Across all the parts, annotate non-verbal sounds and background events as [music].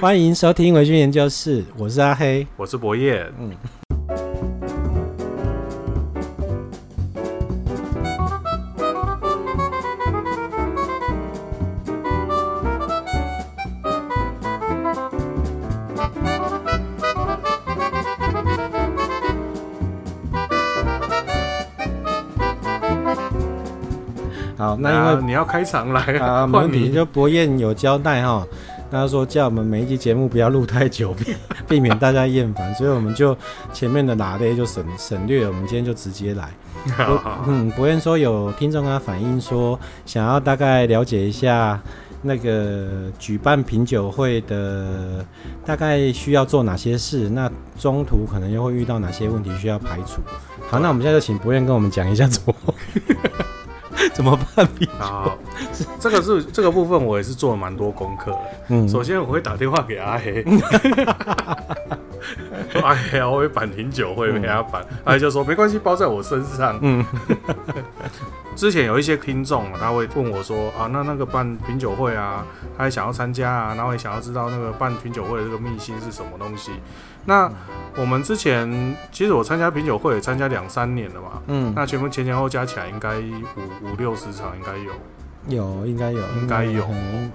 歡迎收聽維君研究室，我是阿黑，我是博彥。嗯。好那， [noise] 那因為你要開場來啊，沒問題。就博彥有交代哈。他說：“叫我們每一期節目不要錄太久，避免大家厭煩， [laughs] 所以我們就前面的拿咧就省省略了。我們今天就直接來。博、嗯、彥好、嗯、說有聽眾跟他反映說，想要大概了解一下那個舉辦品酒會的大概需要做哪些事，那中途可能又會遇到哪些問題需要排除。好，那我們現在就請博彥跟我們講一下如何。” [laughs] 怎麼辦好？好，這個是這個部分，我也是做了蠻多功課的。 [laughs] 首先我會打電話給阿黑， [laughs] [laughs] [laughs] 阿黑、啊、我會辦品酒會給他辦。阿黑、 [laughs] 啊、就說沒關係，包在我身上。嗯。 [laughs] [laughs] 之前有一些聽眾他會問我說啊，那那個辦品酒會啊，他也想要參加啊，然後也想要知道那個辦品酒會的這個秘辛是什麼東西。那我們之前，其實我參加品酒會也參加兩三年了嘛，嗯，那全部前前後加起來應該五五六十場應該有，有應該有，應該有。有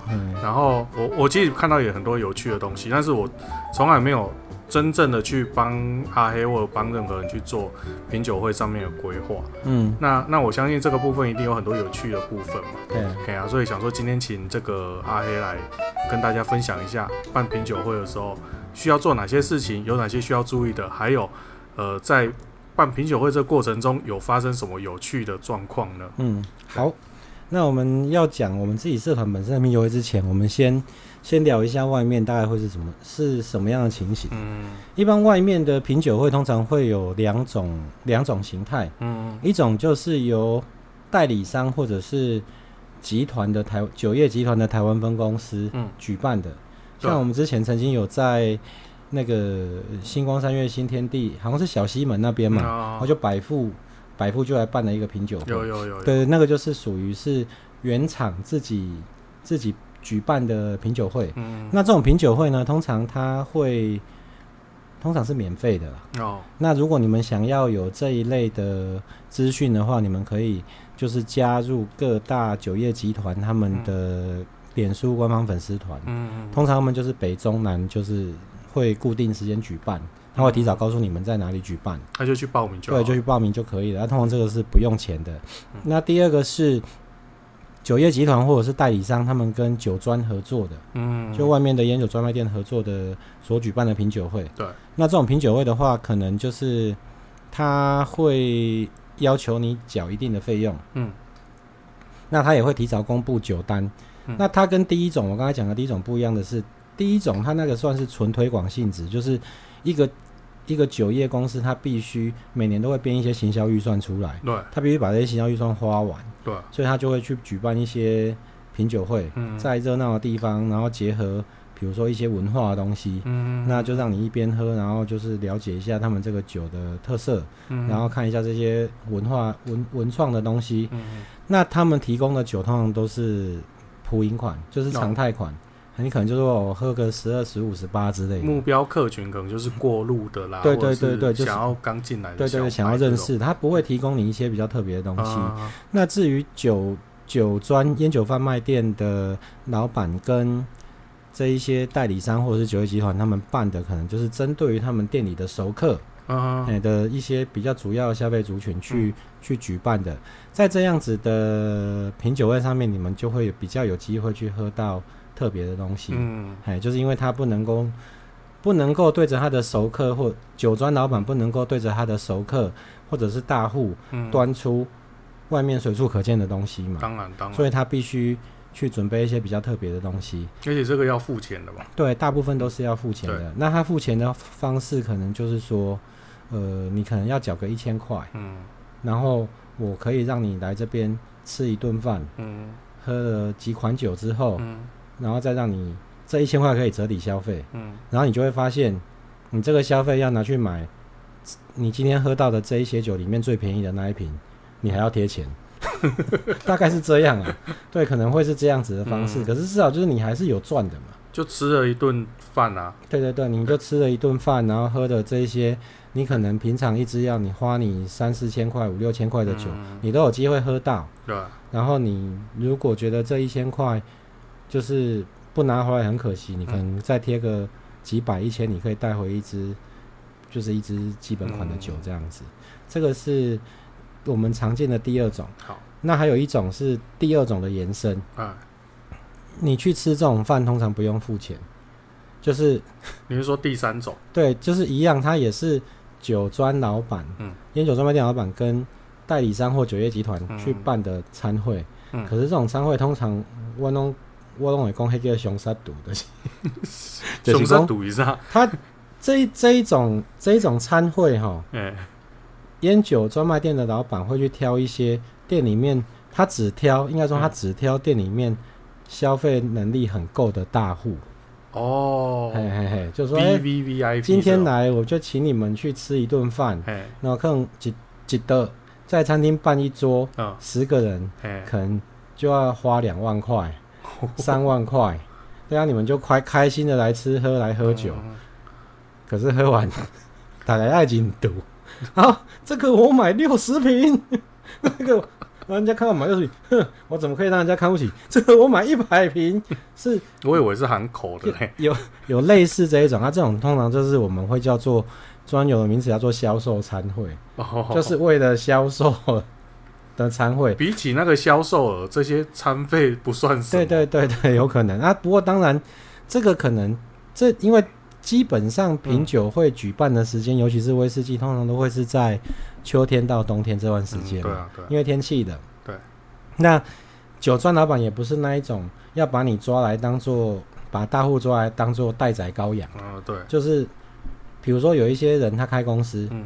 嗯、然後我我其實看到有很多有趣的東西，但是我從來沒有。真正的去幫阿黑或者幫任何人去做品酒會上面的規劃，嗯，那那我相信這個部分一定有很多有趣的部分嘛，對啊，所以想說今天請這個阿黑來跟大家分享一下辦品酒會的時候需要做哪些事情，有哪些需要注意的，還有呃，在辦品酒會這個過程中有發生什麼有趣的狀況呢？嗯，好，那我們要講我們自己社團本身的品酒會之前，我們先。先聊一下外面大概會是什麼是什麼樣的情形？嗯，一般外面的品酒會通常會有兩種兩種形態，嗯，一種就是由代理商或者是集團的台酒業集團的台灣分公司舉辦的，嗯，像我們之前曾經有在那個新光三越新天地，好像是小西門那邊嘛，嗯，然後就百富百富，就來辦了一個品酒會，有有，有有有，對，那個就是屬於是原廠自己自己。自己舉辦的品酒會，嗯，那這種品酒會呢，通常它會通常是免費的啦哦。那如果你們想要有這一類的資訊的話，你們可以就是加入各大酒業集團他們的臉書官方粉絲團，嗯，通常他們就是北中南就是會固定時間舉辦，他、嗯、會提早告訴你們在哪裡舉辦，他、啊、就去報名就對，就去報名就可以了。啊、通常這個是不用錢的。嗯、那第二個是。酒業集團或者是代理商，他們跟酒莊合作的，嗯，嗯，嗯、就外面的菸酒專賣店合作的所舉辦的品酒會，對，那這種品酒會的話，可能就是他會要求你繳一定的費用，嗯，那他也會提早公布酒單，嗯、那他跟第一種我剛才講的第一種不一樣的是，第一種他那個算是純推廣性質，就是一個。一個酒業公司，它必須每年都會編一些行銷預算出來，對，它必須把這些行銷預算花完，對，所以它就會去舉辦一些品酒會，在熱鬧的地方，然後結合比如說一些文化的東西，嗯，那就讓你一邊喝，然後就是了解一下他們這個酒的特色，嗯，然後看一下這些文化文文創的東西，那他們提供的酒通常都是普飲款，就是常態款。你可能就說我喝個十二、十五、十八之類。目標客群可能就是過路的啦，嗯的嗯、對對對對，想要剛進來的，對，對對，想要認識，嗯、這種。他不會提供你一些比較特別的東西。嗯嗯、那至於酒酒專煙酒販賣店的老板跟這一些代理商或者是酒業集團，他們辦的可能就是針對於他們店裡的熟客，的一些比較主要的消費族群去、嗯、去舉辦的，在這樣子的品酒會上面，你們就會比較有機會去喝到特別的東西，嗯，哎，就是因為他不能夠不能夠對着他的熟客或酒莊老板，不能夠對着他的熟客或者是大戶，端出外面隨處可見的東西嘛，嗯、當然，當然，所以他必須去準備一些比較特別的東西，而且這個要付錢的嘛，對，大部分都是要付錢的。對那他付錢的方式可能就是說，呃，你可能要繳個一千塊，嗯，然後我可以讓你來這邊吃一頓飯，嗯，喝了幾款酒之後，嗯。然後再讓你這一千塊可以折抵消費，嗯，然後你就會發現，你這個消費要拿去買，你今天喝到的這一些酒裡面最便宜的那一瓶，你還要貼錢， [laughs] [laughs] 大概是這樣啊，對，可能會是這樣子的方式。嗯、可是至少就是你還是有賺的嘛，就吃了一頓飯啊，對對對，你就吃了一頓飯，然後喝的這一些，你可能平常一支要你花你三四千塊五六千塊的酒，嗯、你都有機會喝到，對、啊。然後你如果覺得這一千塊，就是不拿回來很可惜，你可能再貼個幾百一千，你可以帶回一支，就是一支基本款的酒這樣子。這個是我們常見的第二種。好，那還有一種是第二種的延伸啊。你去吃這種飯通常不用付錢，就是你是說第三種？對，就是一樣，它也是酒莊老闆、菸酒專賣店老闆跟代理商或酒業集團去辦的餐會。可是這種餐會通常，我攏會講係叫熊殺毒的，熊殺毒一下。他這一這一種這一種餐會齁，菸酒專賣店的老板會去挑一些店裡面，他只挑應該說他只挑店裡面消費能力很夠的大戶。哦，嘿嘿嘿，就是說哎、欸，今天來我就請你們去吃一頓飯。然後可能幾幾的在餐廳辦一桌，十個人，可能就要花兩萬塊，三萬塊，對啊，你們就開開心的來吃喝來喝酒，嗯、可是喝完大家愛情毒。好、啊，這個我買六十瓶呵呵，那個讓人家看我買六十瓶，我怎麼可以讓人家看不起？這個我買一百瓶，是我以為是喊口的、欸，有有類似這一種，啊，這種通常就是我們會叫做專有的名詞，叫做銷售餐會，就是為了銷售。呵呵的餐會比起那個銷售額，這些餐費不算什麼。對對對對，有可能啊。不過當然，這個可能這因為基本上品酒會舉辦的時間，嗯、尤其是威士忌，通常都會是在秋天到冬天這段時間、嗯。對啊，對啊，因為天氣冷。對。那酒莊老闆也不是那一種要把你抓來當做把大戶抓來當做待宰羔羊。啊、哦，對。就是比如說有一些人他開公司，嗯，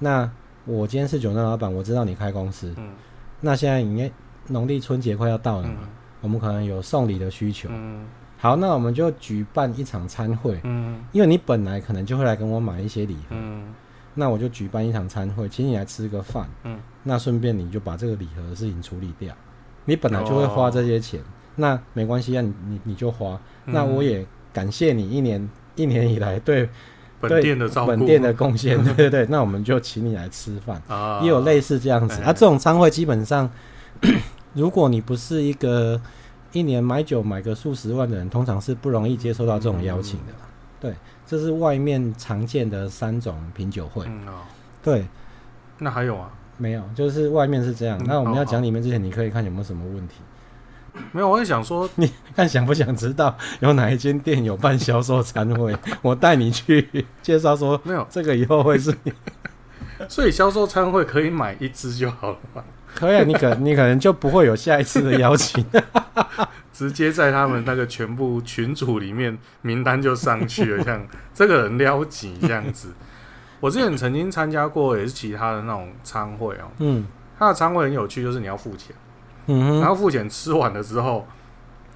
那。我今天是酒店老闆，我知道你開公司。嗯、那現在應該農曆春節快要到了嘛，嗯、我們可能有送禮的需求。嗯、好，那我們就舉辦一場餐會。嗯、因為你本來可能就會來跟我買一些禮盒。嗯、那我就舉辦一場餐會，請你來吃個飯。嗯、那順便你就把這個禮盒的事情處理掉。嗯、你本來就會花這些錢，哦、那沒關係啊，你你就花。嗯、那我也感謝你一年一年以來對。本店的照顧對本店的貢獻， [laughs] 對對對，那我們就請你來吃飯，啊、也有類似這樣子欸欸啊。這種餐會基本上， [coughs] 如果你不是一個一年買酒買個數十萬的人，通常是不容易接受到這種邀請的。嗯嗯嗯嗯、對，這是外面常見的三種品酒會、嗯哦、對，那還有啊？沒有，就是外面是這樣。嗯、那我們要講裡面之前，你可以看有沒有什麼問題。沒有，我也想說，你看想不想知道有哪一間店有辦銷售餐會？ [laughs] 我帶你去介紹。說沒有，這個以後會是。呵呵 [laughs] 所以銷售餐會可以買一支就好了吧。可以、啊，你可 [laughs] 你可能就不會有下一次的邀請。 [laughs] 直接在他們那個全部群組裡面名單就上去了， [laughs] 像這個人了解這樣子。 [laughs] 我之前曾經參加過也是其他的那種餐會哦、喔。嗯，他的餐會很有趣，就是你要付錢。然後付錢吃完了之後，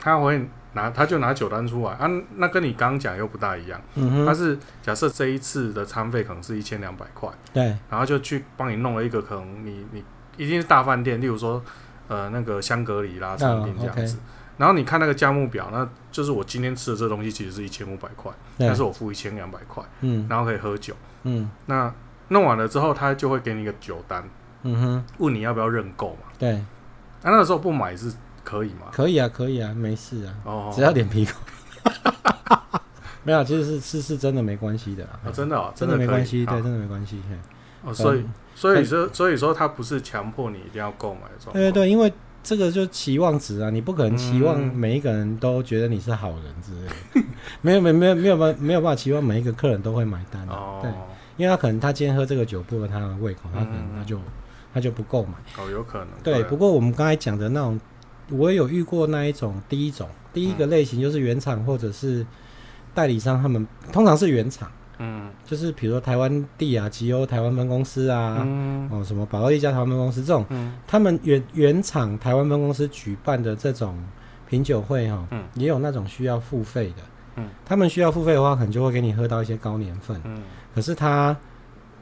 他會拿，他就拿酒單出來啊。那跟你剛剛講又不大一樣。他、嗯、哼是假設這一次的餐費可能是一千兩百塊。對然後就去幫你弄了一個，可能你你一定是大飯店，例如說呃那個香格里拉餐廳、哦、這樣子。okay 然後你看那個價目表，那就是我今天吃的這東西其實是一千五百塊，對但是我付一千兩百塊。嗯、然後可以喝酒。嗯、那弄完了之後，他就會給你一個酒單。嗯、哼問你要不要認購嘛？那時候不買是可以嗎？可以啊，可以啊，沒事啊，只要臉皮厚。沒有，其實是是是真的沒關係的啊，真的，真的沒關係，對，真的沒關係。哦，所以，所以說，所以說，他不是強迫你一定要購買的。對對，因為這個就期望值啊，你不可能期望每一個人都覺得你是好人之類的。沒有，沒，沒有，沒有辦，沒有辦法期望每一個客人都會買單的。對，因為他可能他今天喝這個酒不合他的胃口，他可能他就。他就不夠嘛，哦，有可能對，對。不過我們剛才講的那種，我也有遇過那一種，第一種第一個類型就是原廠或者是代理商，他們通常是原廠，嗯，就是比如說台灣帝亞、吉歐台灣分公司啊，嗯、哦什麼保樂力加台灣分公司這種，嗯、他們原原廠台灣分公司舉辦的這種品酒會哈、哦，嗯、也有那種需要付費的，嗯，他們需要付費的話，可能就會給你喝到一些高年份，嗯，可是他。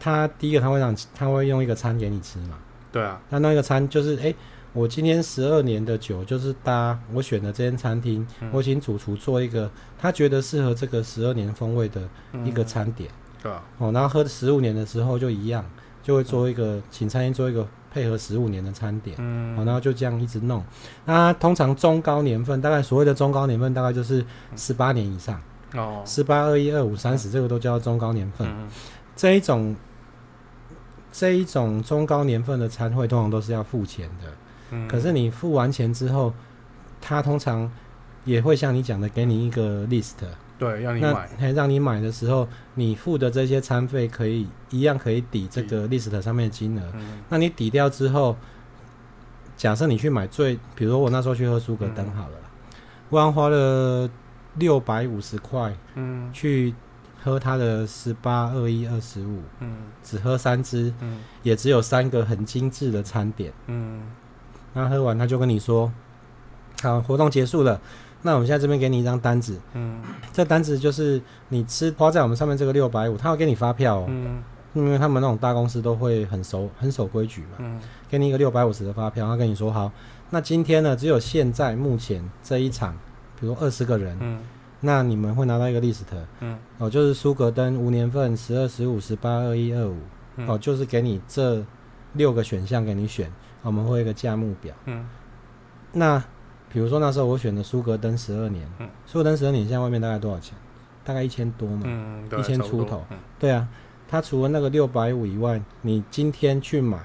他第一個他會想，他會用一個餐給你吃嘛？對啊。他那個餐就是，哎，我今天十二年的酒就是搭我選的這間餐廳，我請主廚做一個他覺得適合這個十二年風味的一個餐點。對啊。哦，然後喝十五年的時候就一樣，就會做一個請餐廳做一個配合十五年的餐點。嗯。然後就這樣一直弄。那他通常中高年份，大概所謂的中高年份，大概就是十八年以上。哦。十八、二一、二五、三十，這個都叫中高年份。這一種。這一種中高年份的餐會，通常都是要付錢的。嗯、可是你付完錢之後，他通常也會像你講的，給你一個 list、嗯。對，讓你買。那讓你買的時候，你付的這些餐費，可以一樣可以抵這個 list 上面的金額。嗯、那你抵掉之後，假設你去買最，比如我那時候去喝蘇格登好了，嗯、不然花了六百五十塊，去。喝他的十八二一二十五，嗯，只喝三支，嗯，也只有三個很精致的餐點，嗯，那喝完他就跟你說，好，活動結束了，那我們現在這邊給你一張單子，嗯，這單子就是你吃花在我們上面這個六百五，他要給你發票哦，嗯，因為他們那種大公司都會很守很守規矩嘛，嗯，給你一個六百五十的發票，他跟你說好，那今天呢只有現在目前這一場，比如二十個人，嗯那你們會拿到一個 list，嗯、哦，就是蘇格登無年份十二、嗯、十五、十八、二一、二五，哦，就是給你這六個選項給你選。我們會有一個價目表，嗯、那比如說那時候我選的蘇格登十二年，蘇、嗯、格登十二年現在外面大概多少錢？大概一千多嘛，一千、嗯、出頭，對啊。他除了那個六百五以外，你今天去買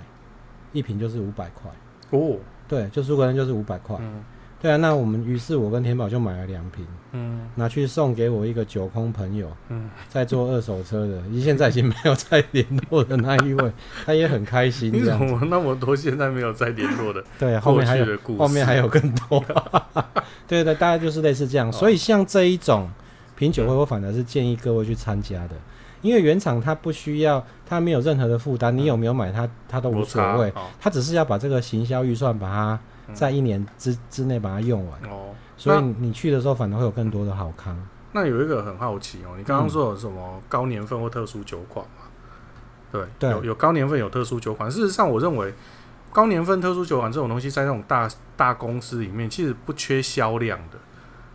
一瓶就是五百塊，哦，對，就蘇格登就是五百塊，嗯對啊，那我們於是我跟田寶就買了兩瓶，嗯，拿去送給我一個酒空朋友，嗯，在做二手車的，已現在已經沒有再聯絡的那一位， [laughs] 他也很開心這樣。你怎麼那麼多現在沒有再聯絡的過去的故事？對，後面還有後面還有更多。 [laughs] [laughs] 對對對，大概就是類似這樣。啊、所以像這一種品酒會，我反而是建議各位去參加的，因為原廠它不需要，它沒有任何的負擔，你有沒有買它，它都無所謂，哦、它只是要把這個行銷預算把它，在一年之之內把它用完哦，所以你去的時候反而會有更多的好康。那有一個很好奇哦，你剛剛說有什麼高年份或特殊酒款嘛？嗯、對，有有高年份有特殊酒款。事實上，我認為高年份特殊酒款這種東西，在那種大大公司裡面，其實不缺銷量的，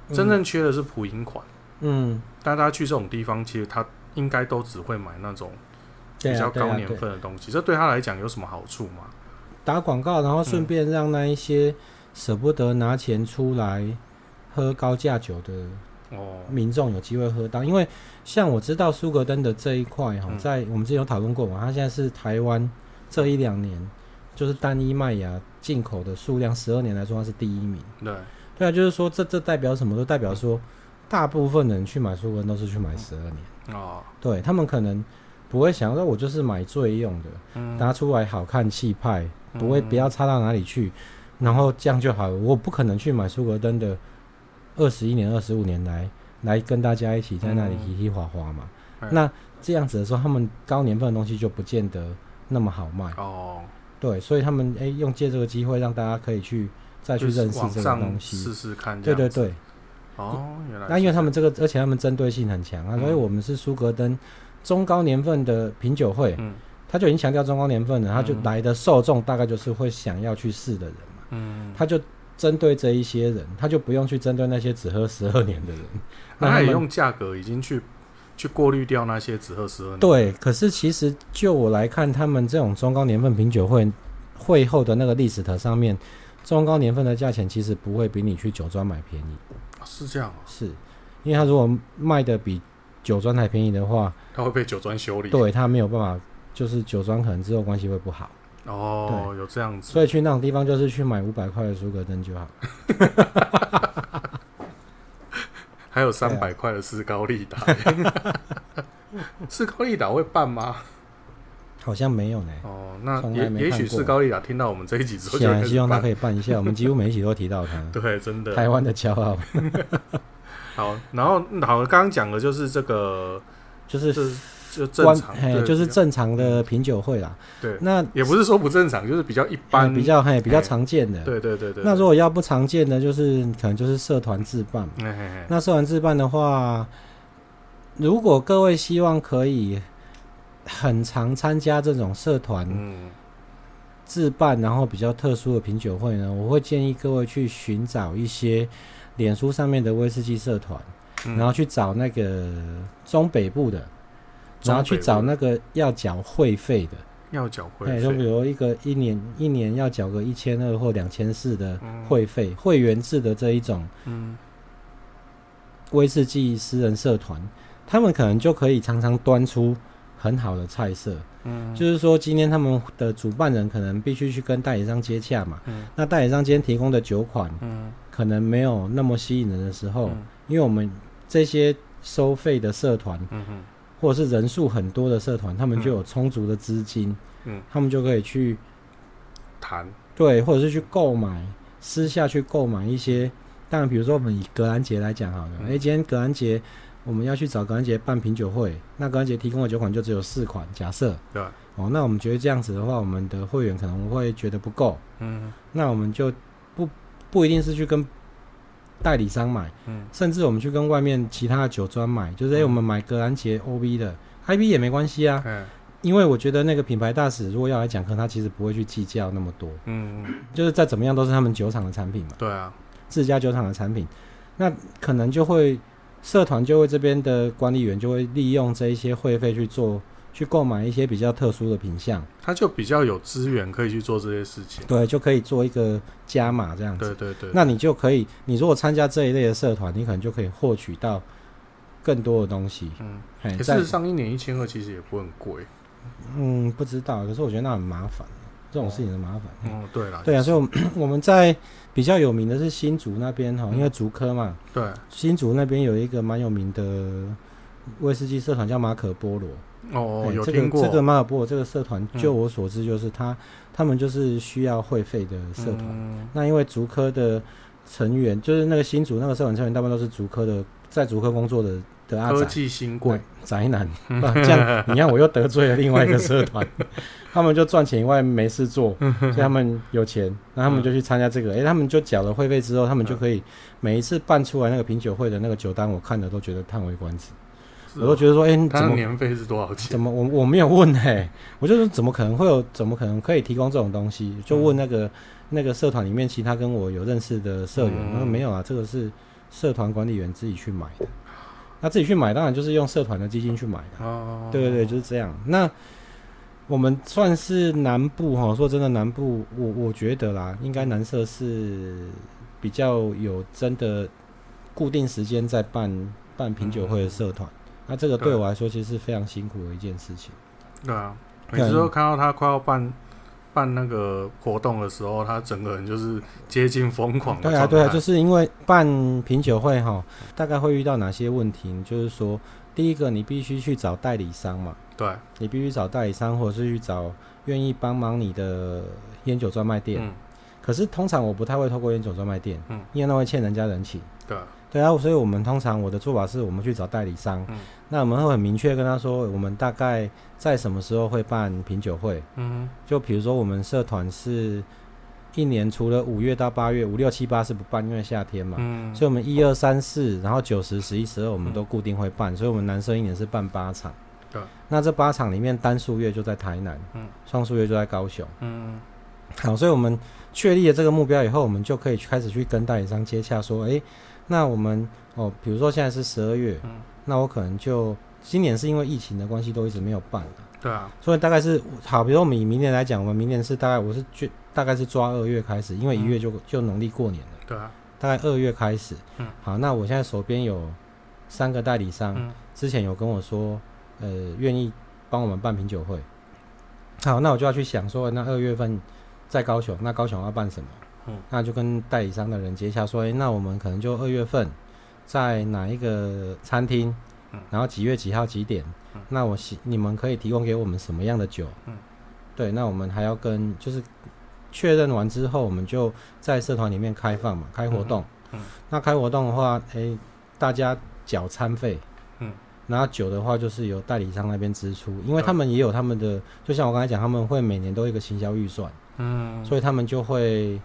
嗯、真正缺的是普飲款。嗯，大家去這種地方，其實他應該都只會買那種比較高年份的東西。對啊對啊、對這對他來講有什麼好處嗎？打廣告，然後順便讓那一些捨不得拿錢出來喝高價酒的哦民眾有機會喝到，因為像我知道蘇格登的這一塊哈，在我們之前有討論過嘛，他現在是台灣這一兩年，就是單一麥芽進口的數量，十二年來說它是第一名，對對啊，就是說這這代表什麼都代表說，大部分人去買蘇格登都是去買十二年哦，對他們可能不會想說，我就是買醉用的，拿出來好看氣派。不會，不要差到哪裡去，嗯、然後這樣就好了。我不可能去買蘇格登的二十一年、二十五年來，來跟大家一起在那裡嘻嘻滑滑嘛。嗯、那這樣子的時候，他們高年份的東西就不見得那麼好賣哦。對，所以他們誒、欸、用借這個機會讓大家可以去再去認識這個東西，試試看這。對對對。哦，原來。那因為他們這個，而且他們針對性很強啊，所以、嗯、我們是蘇格登中高年份的品酒會。嗯。他就已經強調中高年份了，他就來的受眾大概就是會想要去試的人嘛。嗯，他就針對這一些人，他就不用去針對那些只喝十二年的人。那他也用價格已經去 [laughs] 去過濾掉那些只喝十二年。對，可是其實就我來看，他們這種中高年份品酒會會後的那個歷史的上面，中高年份的價錢其實不會比你去酒莊買便宜。啊，是這樣啊？是，因為他如果賣的比酒莊還便宜的話，他會被酒莊修理。對，他沒有辦法。就是酒莊可能之後關係會不好哦，有這樣子，所以去那種地方就是去買五百塊的蘇格登就好，還有三百塊的斯高利達。斯高利達會辦嗎？好像沒有呢。哦，那也也許斯高利達聽到我們這一集之後，希望他可以辦一下。我們幾乎每一集都提到他，對，真的台灣的驕傲。好，然後好，剛剛講的就是這個，就是。就正常，哎，對就是正常的品酒會啦。對，那也不是說不正常，就是比較一般，嗯、比較嘿，比較常見的。對對對，對，對。那如果要不常見的，就是可能就是社團自辦。嘿嘿。那社團自辦的話，如果各位希望可以很常參加這種社團自辦，嗯、然後比較特殊的品酒會呢，我會建議各位去尋找一些臉書上面的威士忌社團，嗯、然後去找那個中北部的。然後去找那個要繳會費的，要繳會費，就比如一個一年、嗯、一年要繳個一千二或兩千四的會費，嗯、會員制的這一種，嗯，威士忌私人社團，嗯、他們可能就可以常常端出很好的菜色，嗯，就是說今天他們的主辦人可能必須去跟代理商接洽嘛，嗯、那代理商今天提供的酒款，嗯，可能沒有那麼吸引人的時候，嗯、因為我們這些收費的社團，嗯哼。或者是人數很多的社團，他們就有充足的資金，嗯，他們就可以去談，談對，或者是去購買，私下去購買一些。當然比如說我們以格蘭傑來講好了，嗯，欸，今天格蘭傑我們要去找格蘭傑辦品酒會，那格蘭傑提供的酒款就只有四款，假設，對，哦，那我們覺得這樣子的話，我們的會員可能會覺得不夠，嗯，那我們就不不一定是去跟。代理商買，嗯、甚至我們去跟外面其他的酒莊買，就是哎，我們買格蘭傑 O B 的，嗯、I B 也沒關係啊。嗯、因為我覺得那個品牌大使如果要來講課，可能他其實不會去計較那麼多。嗯，就是再怎麼樣都是他們酒廠的產品嘛。對啊，自家酒廠的產品，那可能就會社團就會這邊的管理員就會利用這一些會費去做。去購買一些比較特殊的品項，他就比較有資源可以去做這些事情，對，就可以做一個加碼這樣子。對對對，對，那你就可以，你如果參加這一類的社團，你可能就可以獲取到更多的東西。嗯，可、欸、是再、欸、上一年一千二其實也不會很貴。嗯，不知道，可是我覺得那很麻煩，這種事情很麻煩。哦，對了，對啊，所以我們我們在比較有名的是新竹那邊哈，嗯、因為竹科嘛，對，新竹那邊有一個蠻有名的威士忌社團叫馬可波羅。哦，這個這個馬爾波這個社團，就我所知，就是他、嗯、他們就是需要會費的社團。嗯、那因為竹科的成員，就是那個新竹那個社團成員，大部分都是竹科的，在竹科工作的的阿宅。科技新貴宅男， [laughs] 這樣你看我又得罪了另外一個社團。 [laughs] 他們就賺錢以外沒事做， [laughs] 所以他們有錢，那他們就去參加這個。誒、嗯欸，他們就繳了會費之後，他們就可以每一次辦出來那個品酒會的那個酒單，我看了都覺得嘆為觀止。我都覺得說，哎、欸，他年費是多少錢？怎麼我我沒有問哎、欸，我就說怎麼可能會有，怎麼可能可以提供這種東西？就問那個、嗯、那個社團裡面其他跟我有認識的社員，他、嗯、說沒有啊，這個是社團管理員自己去買的。他自己去買，當然就是用社團的基金去買的、啊。哦，哦，哦，哦，對對對，就是這樣。那我們算是南部哈，說真的，南部我我覺得啦，應該南社是比較有真的固定時間在辦辦品酒會的社團。嗯那這個對我來說，其實是非常辛苦的一件事情。對啊，有時候看到他快要辦辦那個活動的時候，他整個人就是接近瘋狂的。對啊，對啊，就是因為辦品酒會哈，大概會遇到哪些問題？就是說，第一個，你必須去找代理商嘛。對。你必須找代理商，或者是去找願意幫忙你的菸酒專賣店。嗯。可是通常我不太會透過菸酒專賣店，嗯，因為那會欠人家人情。對。對啊，所以我們通常我的做法是，我們去找代理商。嗯、那我們會很明確跟他說，我們大概在什麼時候會辦品酒會。嗯哼，就比如說我們社團是一年除了五月到八月，五六七八是不辦，因為夏天嘛。嗯，所以我們一二三四，然後九十十一十二，我們都固定會辦。嗯、所以我們男生一年是辦八場。對、嗯，那這八場裡面單數月就在台南，嗯，雙數月就在高雄。嗯，嗯，好，所以我們。確立了這個目標以後，我們就可以開始去跟代理商接洽，說：“哎、欸，那我們哦，比如說現在是十二月，嗯、那我可能就今年是因為疫情的關係，都一直沒有辦了。對啊，所以大概是好，比如說我們以明年來講，我們明年是大概我是去大概是抓二月開始，因為一月就、嗯、就農曆過年了。對啊，大概二月開始。嗯，好，那我現在手邊有三個代理商，嗯、之前有跟我說，呃，願意幫我們辦品酒會。好，那我就要去想說，那二月份。在高雄，那高雄要辦什麼？嗯，那就跟代理商的人接洽，說，誒、欸，那我們可能就二月份在哪一個餐廳，嗯，然後幾月幾號幾點，嗯，那我，你們可以提供給我們什麼樣的酒？嗯，對，那我們還要跟，就是確認完之後，我們就在社團裡面開放嘛，開活動，嗯，嗯，嗯，那開活動的話，誒、欸，大家繳餐費，嗯，然後酒的話就是由代理商那邊支出，因為他們也有他們的，對就像我剛才講，他們會每年都有一個行銷預算。嗯，所以他們就會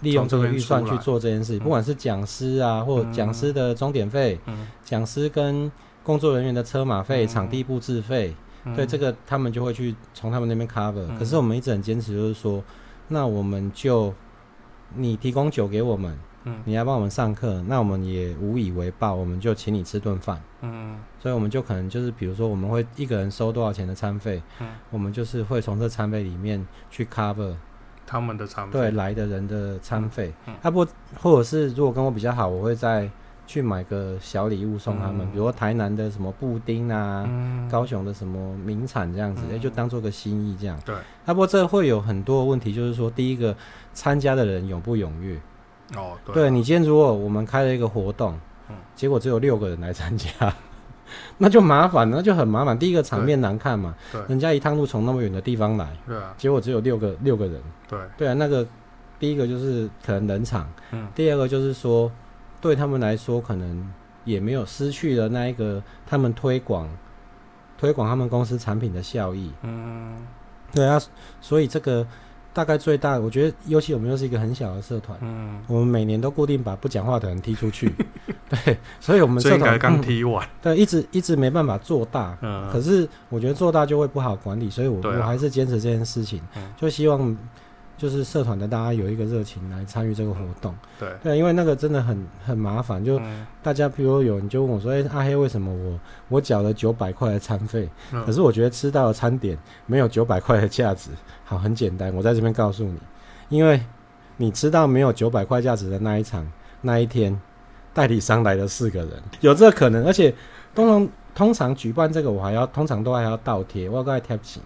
利用這個預算去做這件事，嗯、不管是講師啊，或講師的鐘點費，講、嗯、師跟工作人員的車馬費、嗯、場地布置費，對、嗯、這個他們就會去從他們那邊 cover、嗯。可是我們一直很堅持，就是說，那我們就你提供酒給我們。嗯、你來幫我們上課，那我們也無以為報，我們就請你吃頓飯。嗯，所以我們就可能就是，比如說我們會一個人收多少錢的餐費，嗯、我們就是會從這餐費裡面去 cover 他們的餐費，對來的人的餐費。嗯嗯、啊不，或者是如果跟我比較好，我會再去買個小禮物送他們，嗯、比如說台南的什麼布丁啊，嗯、高雄的什麼名產這樣子，嗯欸、就當做個心意這樣。對。啊不過，這會有很多問題，就是說第一個參加的人踴不踴躍？哦，oh, 對，啊、對，你今天如果我們開了一個活動，結果只有六個人來參加，嗯、 [laughs] 那就麻煩了，那就很麻煩。第一個場面難看嘛，人家一趟路從那麼遠的地方來，對、啊，結果只有六個六個人，對，對啊，那個第一個就是可能冷場，嗯、第二個就是說對他們來說可能也沒有失去了那一個他們推廣推廣他們公司產品的效益，嗯，對啊，所以這個。大概最大，我覺得，尤其我們又是一個很小的社團，嗯，我們每年都固定把不講話的人踢出去， [laughs] 對，所以，我們這個剛踢完、嗯，對，一直一直沒辦法做大，嗯，可是我覺得做大就會不好管理，所以我、啊、我還是堅持這件事情，就希望。就是社團的大家有一個熱情來參與這個活動，嗯、對，對，因為那個真的很很麻煩，就大家比如有人就問我說：“哎、欸，阿黑，為什麼我我繳了九百塊的餐費，嗯、可是我覺得吃到的餐點沒有九百塊的價值？”好，很簡單，我在這邊告訴你，因為你吃到沒有九百塊價值的那一場那一天，代理商來了四個人，有這個可能，而且通常通常舉辦這個我還要通常都還要倒貼，我還要貼錢。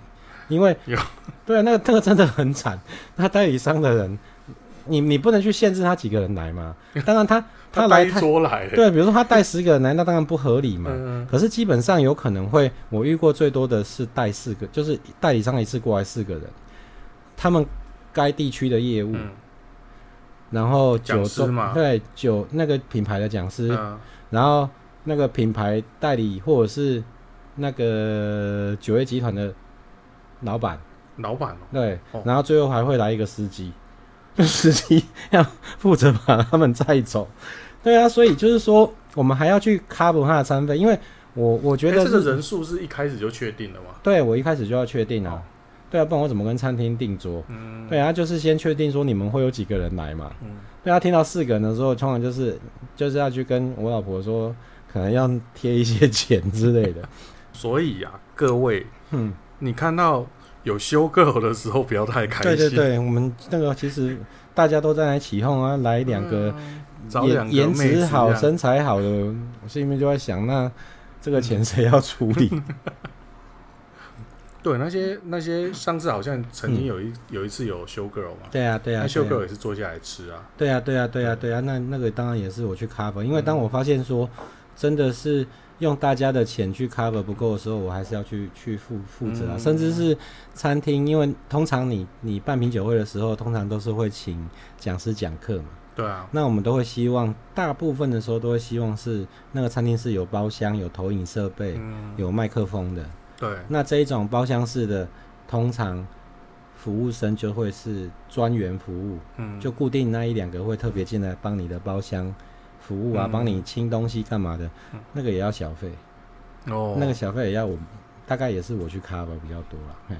因為有對、啊，那個那個真的很慘。那代理商的人，你你不能去限制他幾個人來嗎？當然他，他他來多來了對、啊，比如說他帶十個人來，那當然不合理嘛。嗯嗯，可是基本上有可能會，我遇過最多的是帶四個，就是代理商一次過來四個人，他們該地區的業務，嗯、然後酒，講師嘛，對，酒那個品牌的講師，嗯、然後那個品牌代理或者是那個酒業集團的。老闆，老闆哦，對，然後最後還會來一個司機，哦、司機要負責把他們載走。對啊，所以就是說，我們還要去 cover 他的餐費，因為我我覺得這個人數是一開始就確定的嗎？對，我一開始就要確定啊，哦、對啊，不然我怎麼跟餐廳訂桌？嗯，對啊，就是先確定說你們會有幾個人來嘛？嗯，對啊，聽到四個人的時候，通常就是就是要去跟我老婆說，可能要貼一些錢之類的。所以啊，各位，嗯，你看到。有 show girl 的時候不要太開心。對對對， [laughs] 我們那個其實大家都在那起鬨啊，來兩個，嗯、找兩個顏值好、身材好的，嗯、我心裡面就在想，那這個錢誰要處理？嗯、 [laughs] 對，那些那些上次好像曾經有一、嗯、有一次有 show girl 嘛？對啊對啊，那 show girl 也是坐下來吃啊。嗯、對啊對啊對啊，對啊，對，啊對啊，那那個當然也是我去 cover，嗯、因為當我發現說真的是。用大家的錢去 cover 不夠的時候，我還是要去去負負責啊，嗯、甚至是餐廳，因為通常你你辦品酒會的時候，通常都是會請講師講課嘛。對啊。那我們都會希望，大部分的時候都會希望是那個餐廳是有包廂、有投影設備、嗯、有麥克風的。對。那這一種包廂式的，通常服務生就會是專員服務，嗯、就固定那一兩個會特別進來幫你的包廂。服務啊，幫你清東西幹嘛的，嗯、那個也要小費哦。Oh. 那個小費也要我，大概也是我去卡吧，比較多啦。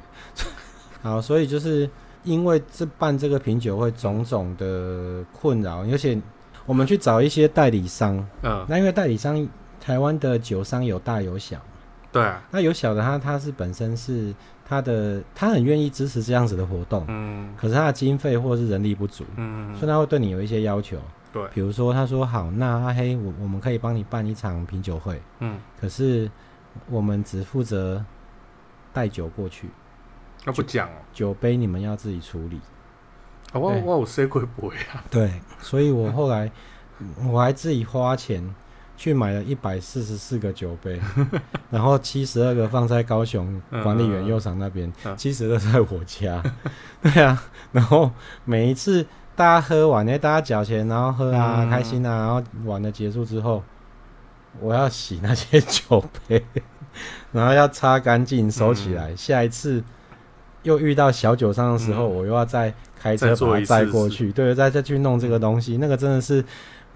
[laughs] 好，所以就是因為這辦這個品酒會種種的困擾，而且我們去找一些代理商，嗯，那因為代理商，台灣的酒商有大有小，對啊，那有小的他，他他是本身是他的，他很願意支持這樣子的活動，嗯。可是他的經費或者是人力不足，嗯，所以他會對你有一些要求。對比如說他說好，那阿、啊、黑，我我們可以幫你辦一場品酒會。嗯，可是我們只負責帶酒過去，那、啊、不講哦，酒杯你們要自己處理。哇哇、哦對，我誰會不會啊？對，所以我後來 [laughs] 我還自己花錢去買了一百四十四個酒杯， [laughs] 然後七十二個放在高雄管理員右上那邊，七十二在我家。 [laughs] [laughs] 對啊，然後每一次。大家喝完，欸，呢，大家繳錢，然後喝啊，嗯、開心啊，然後玩的結束之後，我要洗那些酒杯， [laughs] 然後要擦乾淨收起來，嗯、下一次又遇到小酒商的時候，嗯、我又要再開車把它載過去，對，再再去弄這個東西，嗯、那個真的是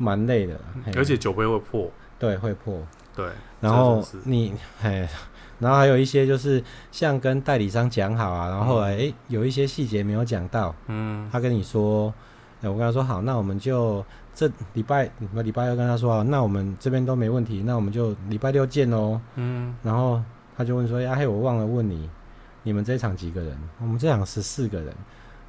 蠻累的，而且酒杯會破，對，會破，對，然後你哎、欸，然後還有一些就是像跟代理商講好啊，然後哎、欸，有一些細節沒有講到，嗯，他跟你說。我跟他說好，那我們就這禮拜，禮拜二跟他說好。那我們這邊都沒問題，那我們就禮拜六見哦。嗯，然後他就問說：“呀、啊、嘿我忘了問你，你們這一場幾個人？我們這場十四個人。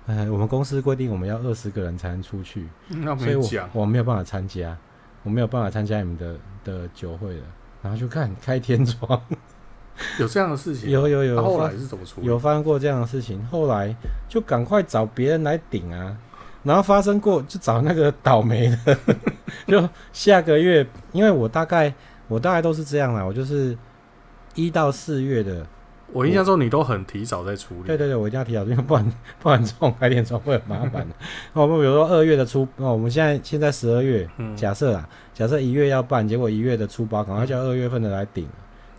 哎，我們公司規定我們要二十個人才能出去，那沒講，所以我我沒有辦法參加，我沒有辦法參加你們的的酒會了。然後就看開天窗， [laughs] 有這樣的事情？ [laughs] 有有有，啊、後來是怎麼出？有發生過這樣的事情，後來就趕快找別人來頂啊。”然後發生過就找那個倒霉的， [laughs] 就下個月，因為我大概我大概都是這樣啦，我就是一到四月的，我印象中你都很提早在處理。對對對，我一定要提早，因為不然不然這種排點場會很麻煩的、啊。我們、 [laughs] 哦、比如說二月的初，那、哦、我們現在現在十二月，嗯、假設啊，假設一月要辦，結果一月的初八，趕快叫二月份的來頂。嗯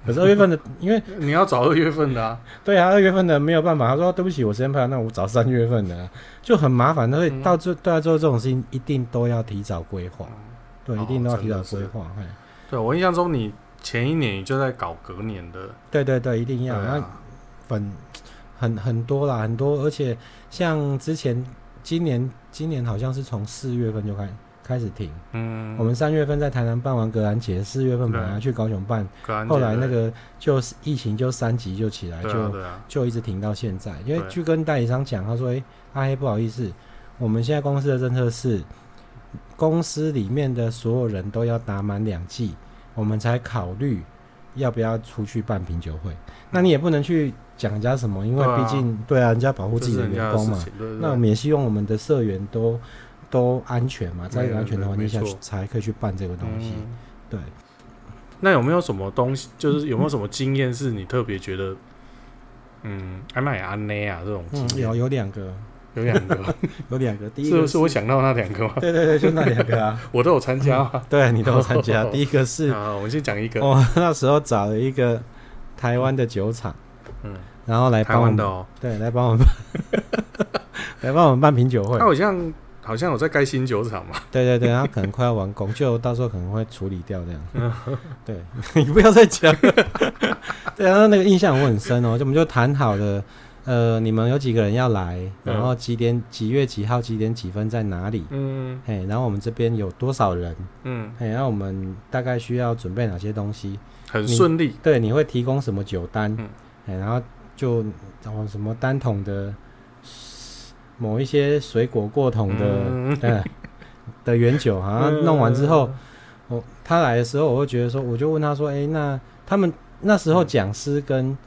可是二月份的， [laughs] 因為你要找二月份的啊，對啊，二月份的沒有辦法。他說、哦、對不起，我時間排，那我找三月份的、啊，就很麻煩。所以到這大家、嗯、做這種事情，一定都要提早規劃，對，哦、一定都要提早規劃。嘿對，我印象中你前一年你就在搞隔年的，對對對，一定要，啊啊、本很很很多啦，很多，而且像之前今年，今年好像是從四月份就開始。開始停，嗯，我們三月份在台南辦完格蘭傑，四月份本來要去高雄辦，後來那個就對疫情就三級就起來，啊、就、啊、就一直停到現在。對因為去跟代理商講，他說：“哎、欸，阿黑不好意思，我們現在公司的政策是，公司裡面的所有人都要打滿兩劑，我們才考慮要不要出去辦品酒會。啊、那你也不能去講人家什麼，因為畢竟對啊，人家保護自己的員工嘛。是對對對那我們也希望我們的社員都。”都安全嘛？在安全的話，你才才可以去辦這個東西。對，那有沒有什麼東西？就是有沒有什麼經驗是你特別覺得，嗯，還蠻安內啊這種？有有兩個，有兩個，有兩個。第一個是，是不是我想到那兩個嗎？對對對，就那兩個啊，我都有參加。對你都有參加。第一個是，我先講一個。我那時候找了一個台灣的酒廠，嗯，然後來幫我們，對，來幫我們，來幫我們辦品酒會。它好像。好像有在蓋新酒廠嘛？對對對，然後可能快要完工，就到時候可能會處理掉這樣。 [laughs] 對，你不要再講了。 [laughs] 對啊，然後那個印象我很深哦。就我們就談好了，呃，你們有幾個人要來？然後幾點？嗯、幾月幾號？幾點幾分？在哪裡？嗯嘿，然後我們這邊有多少人？嗯嘿，然後我們大概需要準備哪些東西？很順利。對，你會提供什麼酒單？嗯嘿，然後就什什麼單桶的。某一些水果過桶的的原酒好像弄完之後，嗯、我他來的時候，我會覺得說，我就問他說：“誒、欸，那他們那時候講師跟、嗯、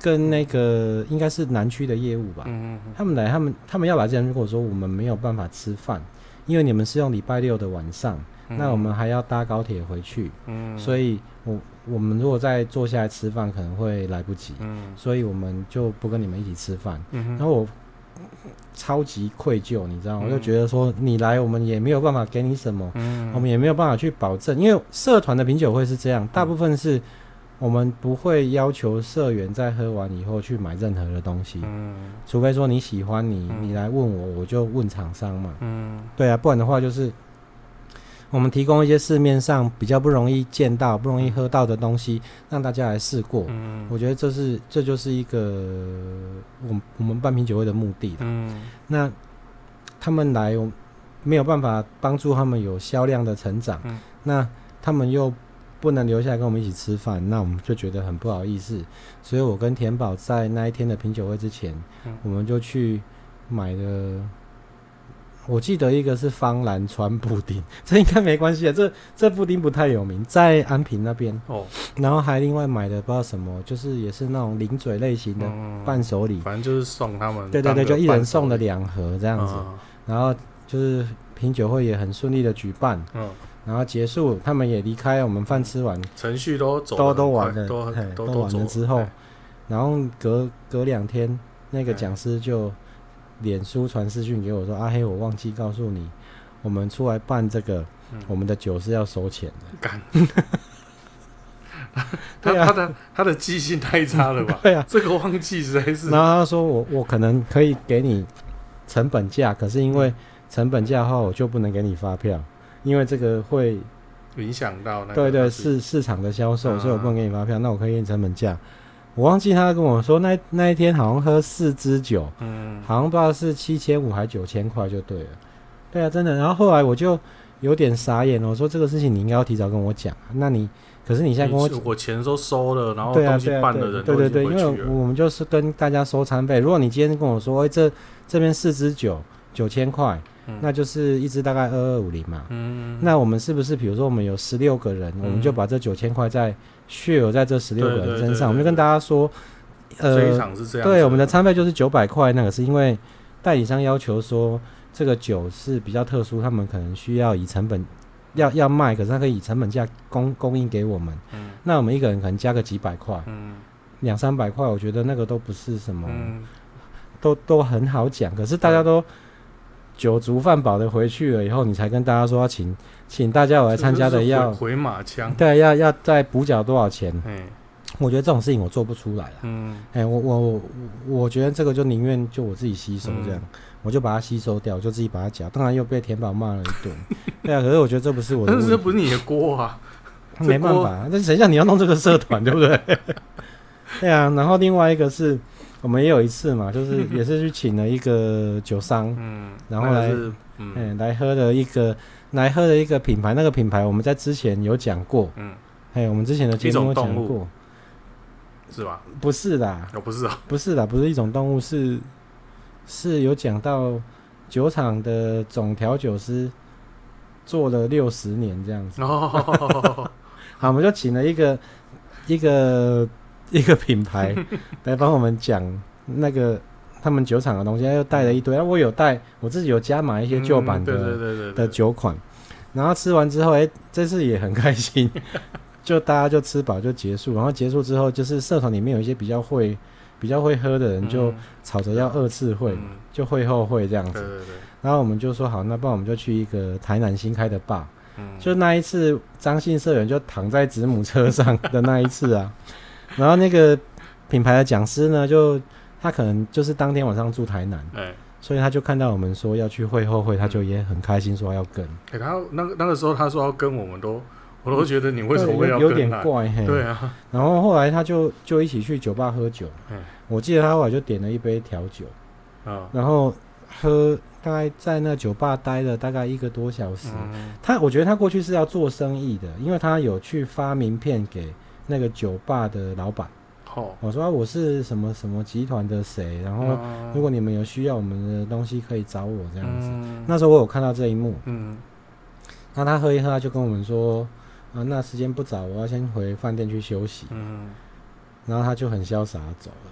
跟那個應該是南區的業務吧？嗯嗯嗯、他們來，他們他們要來之前，如果說我們沒有辦法吃飯，因為你們是用禮拜六的晚上，那我們還要搭高鐵回去，嗯、所以我我們如果再坐下來吃飯，可能會來不及，嗯、所以我們就不跟你們一起吃飯，嗯嗯、然後我。超級愧疚，你知道，嗯、我就覺得說你來，我們也沒有辦法給你什麼，嗯、我們也沒有辦法去保證，因為社團的品酒會是這樣，大部分是我們不會要求社員在喝完以後去買任何的東西，嗯、除非說你喜歡你，你來問我，我就問廠商嘛，嗯、對啊，不然的話就是。我們提供一些市面上比較不容易見到、不容易喝到的東西，讓大家來試過。嗯，我覺得這是這就是一個我們我們辦品酒會的目的了。嗯，那他們來，沒有辦法幫助他們有銷量的成長。嗯，那他們又不能留下來跟我們一起吃飯，那我們就覺得很不好意思。所以我跟田寶在那一天的品酒會之前，嗯，我們就去買了。我記得一個是方蘭川布丁，這應該沒關係啊，這這布丁不太有名，在安平那邊哦。然後還另外買的不知道什麼，就是也是那種零嘴類型的伴手禮，嗯、反正就是送他們。對對對，就一人送了兩盒這樣子。嗯、然後就是品酒會也很順利的舉辦，嗯，然後結束，他們也離開，我們飯吃完，程序都走都都完了，都嘿都完了之後，嘿然後隔隔兩天，那個講師就臉書傳私訊給我說：“阿、啊、黑，我忘記告訴你，我們出來辦這個，嗯、我們的酒是要收錢的。幹”敢？ [laughs] 他對、啊、他的他的記性太差了吧？對啊，這個忘記實在是。然後他說我：“我我可能可以給你成本價，可是因為成本價的話，我就不能給你發票，嗯嗯、因為這個會影響到、那個、對對，對市市場的銷售，啊、所以我不能給你發票。那我可以給你成本價。”我忘記他跟我說，那那一天好像喝四支酒，嗯、好像不知道是七千五還是九千塊就對了，對啊，真的。然後後來我就有點傻眼了，我說這個事情你應該要提早跟我講。那你可是你現在跟我講，我錢都收了，然後東西辦了的人已經回去了。對啊、對啊、對、對對對，因為我們就是跟大家收餐費。如果你今天跟我說，欸、這這邊四支酒九千塊，嗯、那就是一支大概二二五零嘛。嗯、那我們是不是比如說我們有十六個人，我們就把這九千塊再。血有、sure, 在這十六個人身上，對對對對對，我們就跟大家說，呃，對，我們的餐費就是九百塊。那個是因為代理商要求說，這個酒是比較特殊，他們可能需要以成本要要賣，可是他可以以成本價供供應給我們。嗯、那我們一個人可能加個幾百塊，兩、嗯、三百塊，我覺得那個都不是什麼，嗯、都都很好講。可是大家都。嗯酒足飯飽的回去了以後，你才跟大家說要請，請請大家我來參加的要回馬槍，對，要要再補繳多少錢？嘿我覺得這種事情我做不出來，嗯，哎、欸，我我我覺得這個就寧願就我自己吸收這樣，嗯、我就把它吸收掉，我就自己把它繳。當然又被田寶罵了一頓。 [laughs] 對啊，可是我覺得這不是我的，但是這不是你的鍋啊， [laughs] 沒辦法，那誰叫你要弄這個社團 [laughs] 對不對？ [laughs] 對啊，然後另外一個是。我們也有一次嘛，就是也是去請了一個酒商，嗯、然後來，來嗯、哎，來喝的一個，來喝的一個品牌。嗯、那個品牌我們在之前有講過，嗯，有、哎、我們之前的節目有講過，是吧嗎？不是的，不是啦，不是的、啊，不是一種動物，是是有講到酒廠的總調酒師做了六十年這樣子。哦，哦，哦，哦，哦， [laughs] 好，我們就請了一個一個。一個品牌來幫我們講那個他們酒廠的東西，他 [laughs] 又帶了一堆。我有帶我自己有加碼一些舊版的的酒款，然後吃完之後，哎，這次也很開心，就大家就吃飽就結束。 [laughs] 然後結束之後，就是社團裡面有一些比較會比較會喝的人，就吵着要二次會，嗯、就會後會這樣子。對對對，然後我們就說好，那不然我們就去一個台南新開的 bar、嗯。就那一次，張姓社員就躺在子母車上的那一次啊。 [laughs] 然後那個品牌的講師呢，就他可能就是當天晚上住台南，欸、所以他就看到我們說要去會後會，嗯、他就也很開心，說要跟。然後、欸、那個那個時候他說要跟我們都，我都覺得你為什麼會要跟他、嗯、有，有點怪，嘿對啊。然後後來他就就一起去酒吧喝酒，嗯、我記得他後來就點了一杯調酒、嗯、然後喝大概在那酒吧待了大概一個多小時。嗯、他我覺得他過去是要做生意的，因為他有去發名片給。那個酒吧的老闆，我說、啊、我是什麼什麼集團的誰，然後如果你們有需要我們的東西，可以找我這樣子。那時候我有看到這一幕，嗯，那他喝一喝，他就跟我們說，啊，那時間不早，我要先回飯店去休息，嗯，然後他就很瀟灑走了，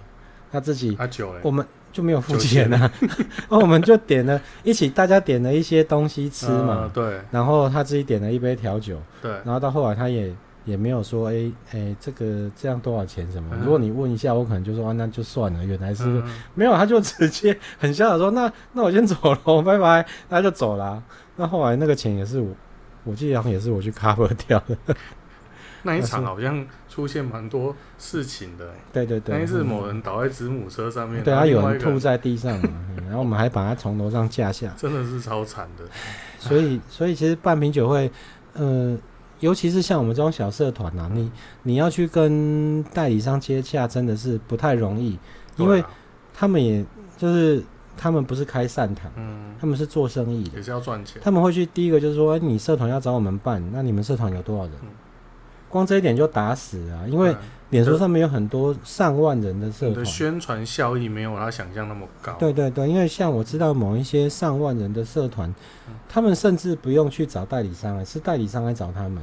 他自己，我們就沒有付錢啊，啊，啊酒咧？那 [laughs] 我們就點了一起大家點了一些東西吃嘛，對，然後他自己點了一杯調酒，對，然後到後來他也。也沒有說哎誒、欸欸，這個這樣多少錢什麼？嗯啊、如果你問一下，我可能就說啊，那就算了。原來是、嗯啊、沒有，他就直接很瀟灑說那那，我先走了，拜拜，那就走了。那後來那個錢也是我，我記得好像也是我去 cover 掉的。那一場好像出現蠻多事情的是。對對對，那一次某人倒在子母車上面，對啊，對啊，有人吐在地上 [laughs] 然後我們還把他從樓上架下。真的是超慘的。所以所以，其實辦品酒會，嗯、呃……尤其是像我們這種小社團啊，嗯、你你要去跟代理商接洽，真的是不太容易，啊、因為他們也就是他們不是開善堂，嗯、他們是做生意的，也是要賺錢。他們會去第一個就是說，哎，你社團要找我們辦，那你們社團有多少人？嗯光這一點就打死啊！因為臉書上面有很多上萬人的社團，你的你的宣傳效益沒有他想象那麼高。對對對，因為像我知道某一些上萬人的社團，嗯、他們甚至不用去找代理商來，是代理商來找他們。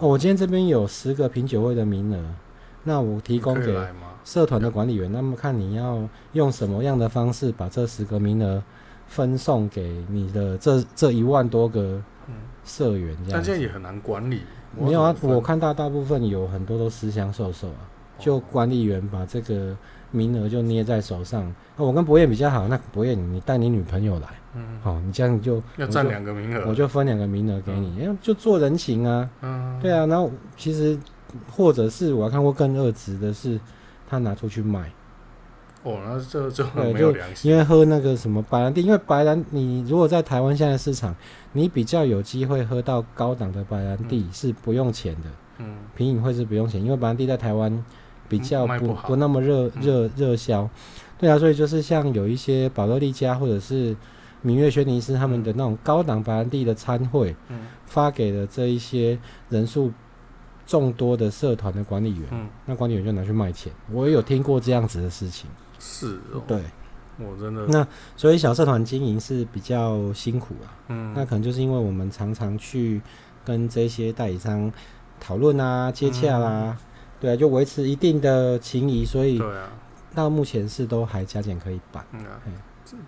哦，我今天這邊有十個品酒會的名額，那我提供給社團的管理員，那麼看你要用什麼樣的方式把這十個名額分送給你的這這一萬多個社員這樣、嗯。但這樣也很難管理。沒有啊，我看到大部分有很多都私相授受啊，就管理員把這個名額就捏在手上。啊、哦，我跟博彥比較好，那博彥你帶你女朋友來，嗯，好、哦，你這樣你就要佔兩個名額，我就分兩個名額給你，因為、嗯欸、就做人情啊。嗯，對啊，然後其實或者是我還看過更惡質的是，他拿出去賣。哦，那這這沒有良心。對，就因為喝那個什麼白蘭地，因為白蘭，你如果在台灣現在市場，你比較有機會喝到高檔的白蘭地、嗯、是不用錢的。嗯。品飲會是不用錢，因為白蘭地在台灣比較不、嗯、不，不那麼熱熱熱銷。對啊，所以就是像有一些保樂力加或者是酩悅軒尼詩他們的那種高檔白蘭地的餐會，嗯、發給的這一些人數。眾多的社團的管理員，嗯、那管理員就拿去賣錢。我也有聽過這樣子的事情，是哦，對，我真的。那所以小社團經營是比較辛苦啊，嗯，那可能就是因為我們常常去跟這些代理商討論啊、接洽啦、啊，嗯、對、啊，就維持一定的情誼，所以對啊，到目前是都還加減可以辦，啊、對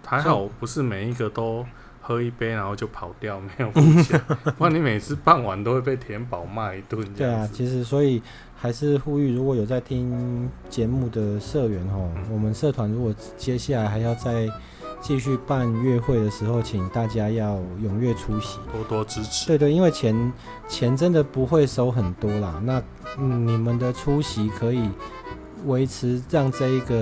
還好不是每一個都。喝一杯，然後就跑掉，沒有付錢。 [laughs] 不然你每次辦完都會被田寶罵一頓。對啊，其實所以還是呼籲，如果有在聽節目的社員哦，嗯、我們社團如果接下來還要再繼續辦月會的時候，請大家要踴躍出席，啊、多多支持。對對，因為錢錢真的不會收很多啦，那、嗯、你們的出席可以維持讓這一個。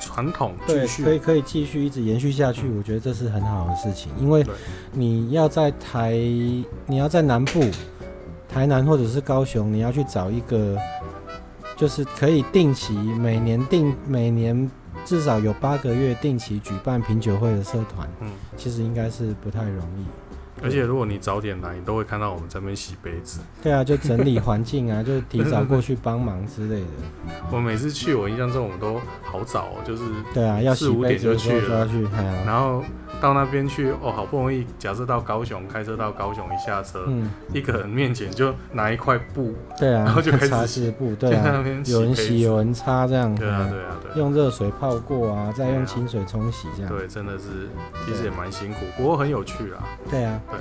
傳統。對，可以可以繼續一直延續下去，嗯，我覺得這是很好的事情，因為你要在台，對你要在南部，台南或者是高雄，你要去找一個就是可以定期每年定每年至少有八個月定期舉辦品酒會的社團，嗯，其實應該是不太容易。而且如果你早點來，你都會看到我們在那邊洗杯子。對啊，就整理環境啊， [laughs] 就提早過去幫忙之類的。 [laughs] 我每次去，我印象中我們都好早哦，就是對啊，要四五點就去了， [laughs] 然後。到那邊去哦，好不容易，假設到高雄，開車到高雄一下車，嗯，一個人面前就拿一塊布，對啊，然後就開始擦拭布，對啊，有人洗有人擦這樣，對啊對啊對，用熱水泡過啊，再用清水沖洗這樣，對，真的是，其實也蠻辛苦，不過很有趣啊，對啊，對，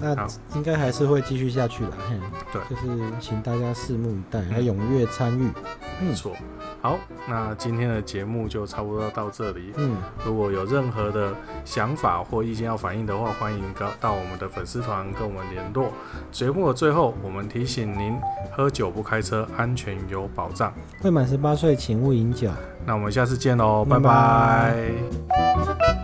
那應該還是會繼續下去啦，對，就是請大家拭目以待，來踴躍參與，沒錯。好，那今天的節目就差不多到這裡。嗯，如果有任何的想法或意見要反映的話，歡迎到我們的粉絲團跟我們聯絡。節目的最後，我們提醒您：喝酒不開車，安全有保障。未滿十八歲，請勿飲酒。那我們下次見嘍，你們拜拜。拜拜。